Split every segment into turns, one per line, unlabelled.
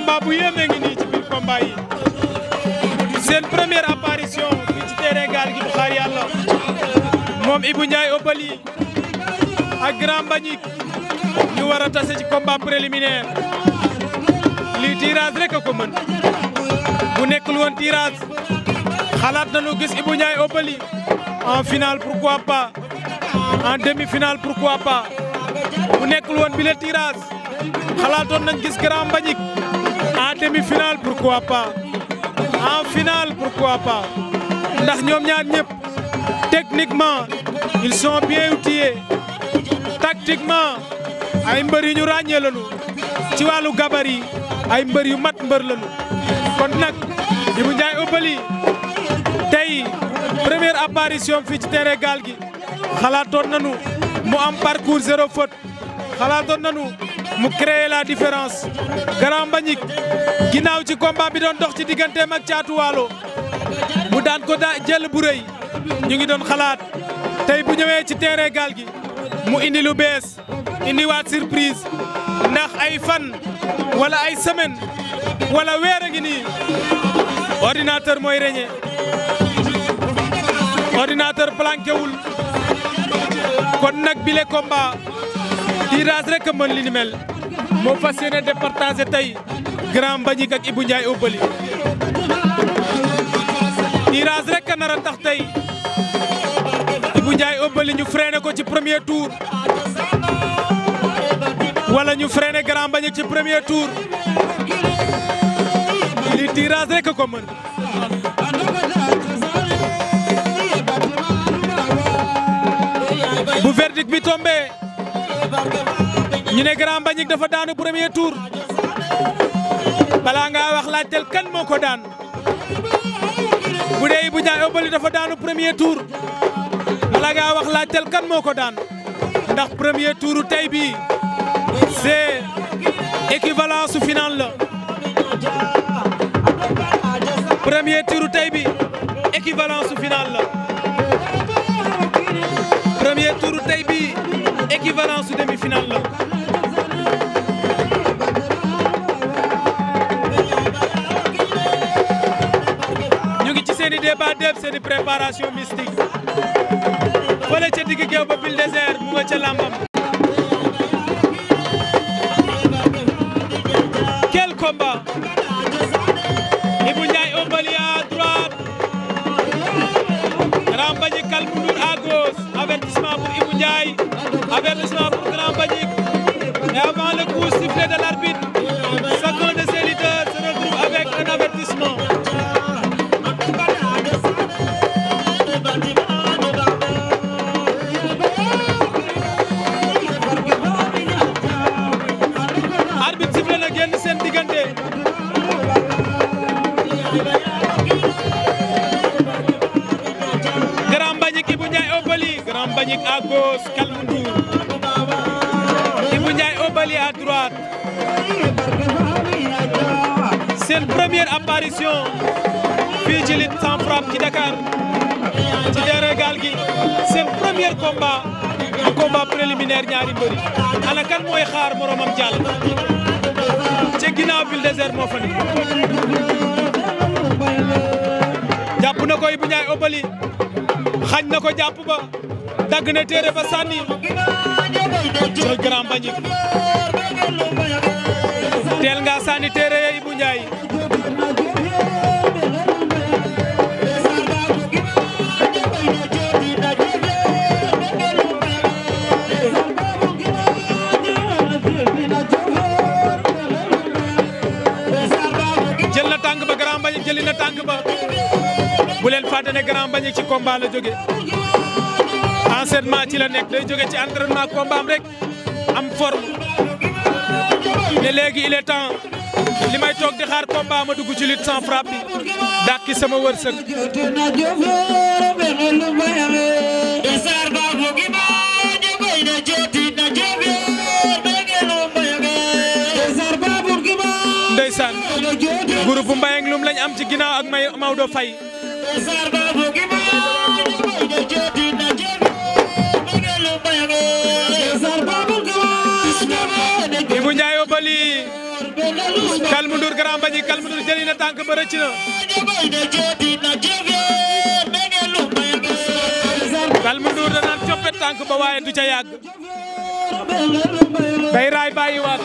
combat bu yéeme ngi nii ci biir combat yi seen première apparition fii ci terrain gaal gi bu yàlla moom Ibou Ndiaye Obali ak Grand Mbagnick ñu war a tase ci combat préliminaire lii tirage rek a ko mën bu nekkul woon tirage xalaat nañu gis Ibou Ndiaye Obali en finale pourquoi pas en demi-finale pourquoi pas bu nekkul woon bile tirage xalaatoon nañ gis Grand Mbagnick en demi-finale pourquoi pas en finale pourquoi pas ndax ñoom ñaar ñëpp techniquement ils sont bien outillés tactiquement ay mbër yu ñu ràññee lañu ci wàllu gabarit ay mbër yu mat mbër lañu kon nag Ibou Ndiaye Obali tey première apparition fii ci terrain Gaal gi xalaatoon nañu mu am parcours zéro faute xalaatoon nañu mu créer la différence Grand Mbagnick ginnaaw ci combat bi doon dox ci digganteem ak Caatu mu daan ko da jël bu rëy ñu ngi doon xalaat tey bu ñëwee ci terrain gaal gi mu indi lu bees indiwaat surprise ndax ay fan wala ay semaine walla weer a nii ordinateur mooy reñe ordinateur planqué wul kon nag bile combat. tirage rek a mën li ni mel moo fas yéene départager tey grand Mbagnick ak Ibou Ndiaye Obali tirage rek a nar tax tey Ibou Ndiaye Obali ñu freiné ko ci premier tour wala ñu freiné grand ci premier tour li tirage rek a ko mën. ñu ne Grand dafa daanu premier tour balaa ngaa wax laajteel kan moo ko daan bu dee Ibou Ndiaye Obali dafa daanu premier tour balaa ngaa wax laajteel kan moo ko daan ndax premier tour tey bii c'est équivalence su final la premier demi final Daba Deb c'est une préparation mystique fële ca digg géew ba pile désert mu nga ca làmbam quel combat gauche Kalmu Ndour Ibou Ndiaye au bali seen première apparition fii ci lutte sans Dakar ci terrain Gaal seen premier combat un combat préliminaire ñaari mbëri ana kan mooy xaar moromam jàll ci ginnaaw ville désert moo fa na ko Ibou Ndiaye au xañ na ko jàpp ba dagg na téere ba sànni Coy Grand Mbagnick teel nga sànni téere ya Ibou Ndiaye jël na tànk ba Grand Mbagnick ba bu leen fàtte ne ci combat la jóge enseignement ci la nekk day jóge ci entraînement combat am rek am forme ne léegi il est temps li may toog di xaar combat ma dugg ci lutte sans frappe bi dàkki sama wërsëg. ndeysaan groupe Mbayang Loum lañ am ci ginnaaw ak may Maodo Faye. Calme Ndour Grand Mbagnick Calme Ndour jëli na tànk ba rëcc na. naan coppe tànk ba waaye du ca yàgg. day raay bàyyiwaat.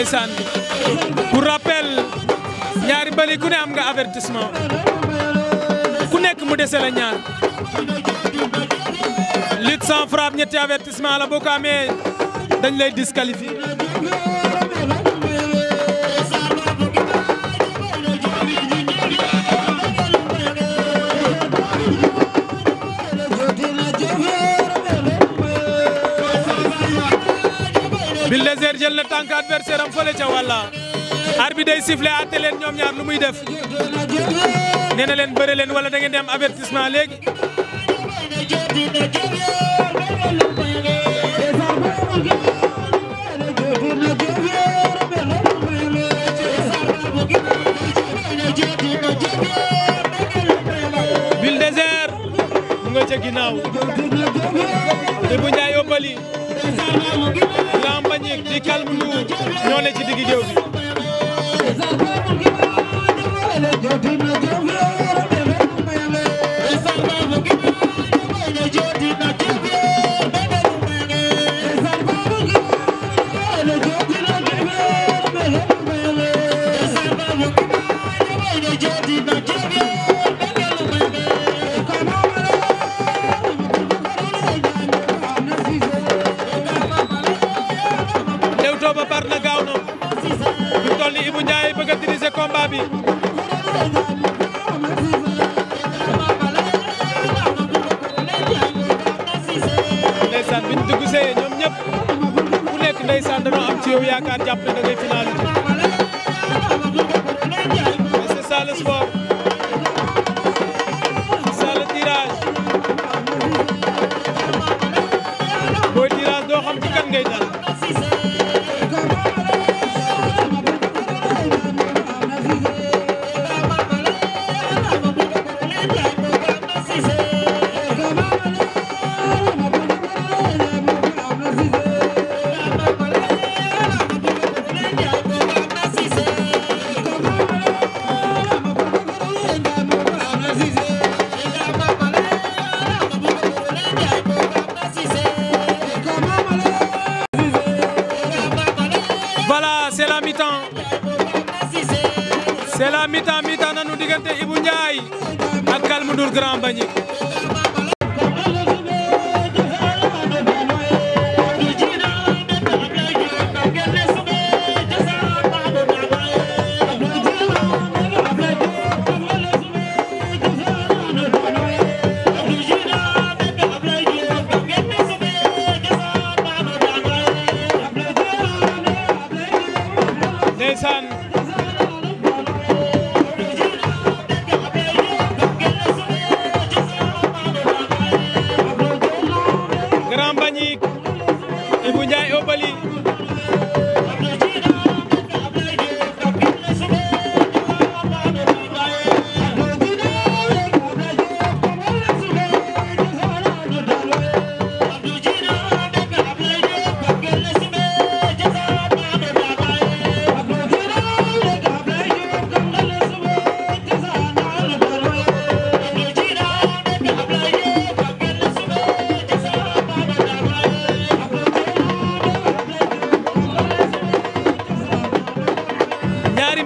ndeysaan rappel ñaari mbër ku ne am nga avertissement ku nekk mu dese la ñaar lutte sans frappe ñetti avertissement la boo ko amee dañ lay disqualifier jël na tànk adversaire am fële ca walla arbitre bi day siffler muy def nee na leen bëre leen wala da ngeen di am avertissement léegi. Bulldozer mu nga ca ginnaaw. ñoo ne ci digg géew bi bi ndeysaan bi ñu dugg see ñoom ñëpp ku nekk ndeysaan dañoo am ci yow yaakaar jàpp ne voilà c'est la mi-temps c'est la mi-temps mi-temps nanu diggante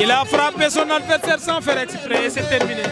Il a frappé son adversaire sans faire exprès et c'est terminé.